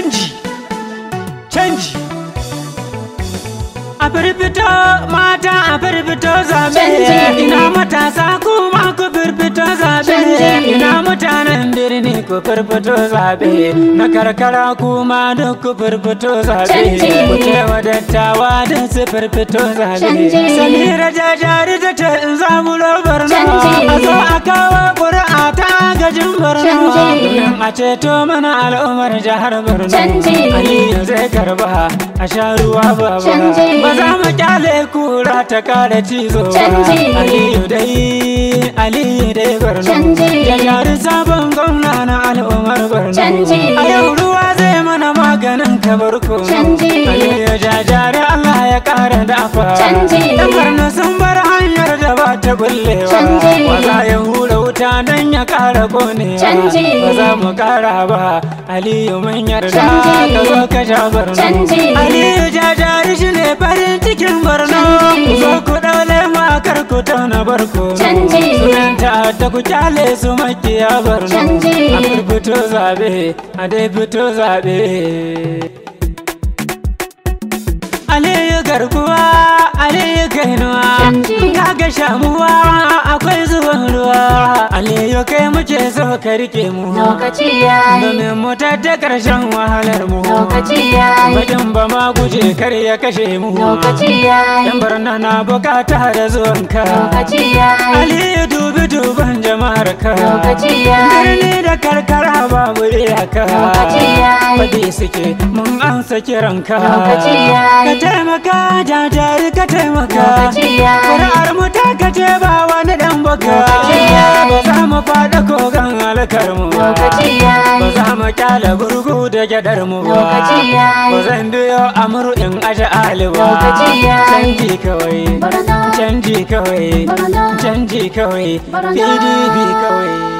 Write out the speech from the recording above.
canji canji a firfito mata a firfito zabe ina matasa kuma ku firfito zabe ina mutanen birni ku firfito zabe na karkara kuma duk ku firfito zabe ku cewa dattawa don su firfito zabe samira jajari da ta canjin Canji. Canji. a ceto mana al'ummar jihar Borno a sha ruwa baba ba za kura ta kare cizo ba Aliyu sabon gwamna na al'ummar Borno ruwa zai mana maganin kabarko Allah ya kara dafa hanyar da ba bullewa wuta nan ya kara kone ba za mu kara ba aliyu mun yarda ka zo ka sha barno aliyu jajari shi ne farin cikin barno ku zo ku daule makar ku na barko sunan ta ta ku kyale su makiya barno a fito zabe a dai fito zabe Aliyu garkuwa, Aliyu gainuwa, kaga shamuwa muke so ka rike mu lokaci yayi domin mu tadda karshen wahalar mu lokaci yayi bakin ba ma guje kar ya kashe mu lokaci yayi dan barna na bukata da zuwan ka lokaci yayi ali dubi duban jama'ar ka lokaci yayi birni da karkara ba mu ka lokaci yayi bade suke mun ansa kiranka lokaci yayi ka taimaka da ka taimaka lokaci yayi fara'ar mu ta kace ba wani dan boka halakar mu ba za mu kyala gurgu da gyadar mu ba ba zan biyo amuru in aje ali ba canji kawai canji kawai canji kawai kawai